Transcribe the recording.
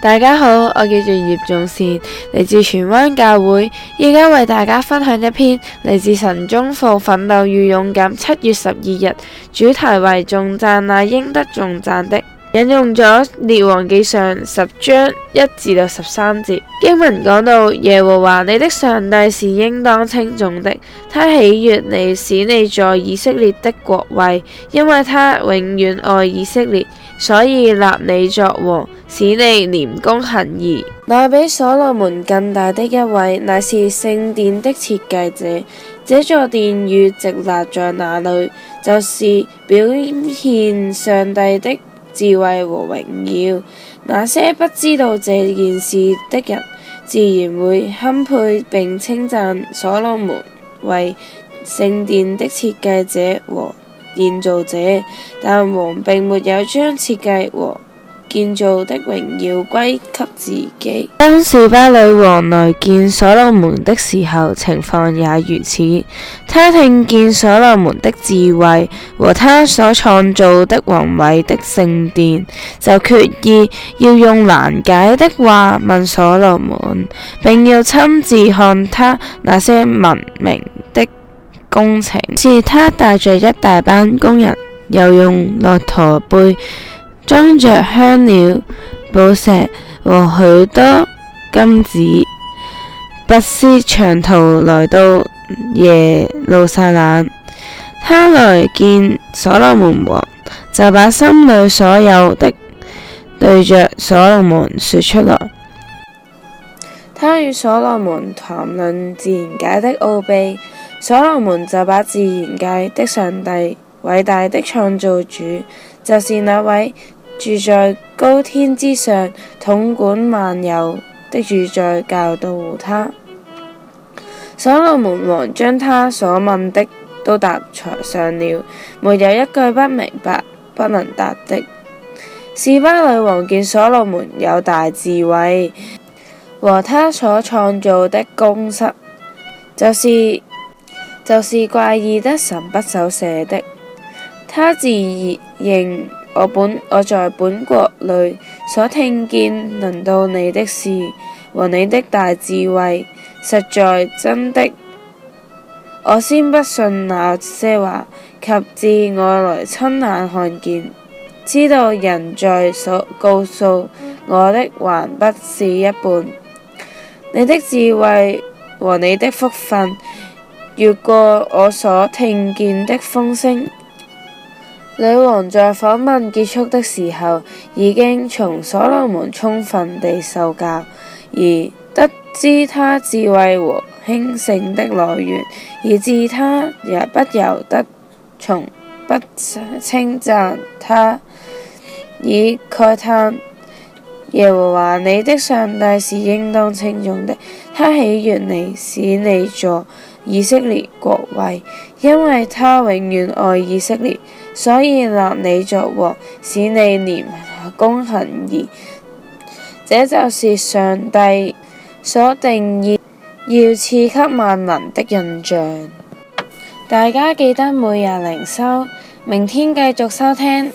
大家好，我叫做葉仲善，嚟自荃灣教會，依家為大家分享一篇嚟自神宗庫奮鬥與勇敢七月十二日，主題為頌贊那應得頌贊的。引用咗《列王記上》十章一至到十三節經文講，講到耶和華你的上帝是應當稱頌的，他喜悦你，使你在以色列的國位，因為他永遠愛以色列，所以立你作王，使你秉公行義。乃比所羅門更大的一位，乃是聖殿的設計者。這座殿宇直立在那裏，就是表現上帝的智慧和榮耀，那些不知道這件事的人，自然會欽佩並稱讚所羅門為聖殿的設計者和建造者。但王並沒有將設計和建造的榮耀歸給自己。當示巴女王來見所羅門的時候，情況也如此。他聽見所羅門的智慧和他所創造的宏偉的聖殿，就決意要用難解的話問所羅門，並要親自看他那些文明的工程。是他帶著一大班工人，又用駱駝背。裝着香料、寶石和許多金子，不辭長途來到耶路撒冷，他來見所羅門王，就把心裏所有的對着所羅門說出來。他與所羅門談論自然界的奧秘，所羅門就把自然界的上帝、偉大的創造主，就是那位。住在高天之上統管萬有的住在教導他，所羅門王將他所問的都答上了，沒有一句不明白不能答的。示巴女王見所羅門有大智慧和他所創造的宮室，就是，就是怪異得神不守舍的，他自認。我本我在本國裏所聽見輪到你的事和你的大智慧，實在真的，我先不信那些話，及至我來親眼看見，知道人在所告訴我的還不是一半。你的智慧和你的福分，越過我所聽見的風聲。女王在訪問結束的時候，已經從所羅門充分地受教，而得知她智慧和興盛的來源，以致她也不由得從不稱讚她，以慨嘆耶和華你的上帝是應當稱頌的，他喜悅你，使你坐。以色列國位，因為他永遠愛以色列，所以立你作王，使你年功行義。這就是上帝所定意要賜給萬能的印象。大家記得每日靈修，明天繼續收聽。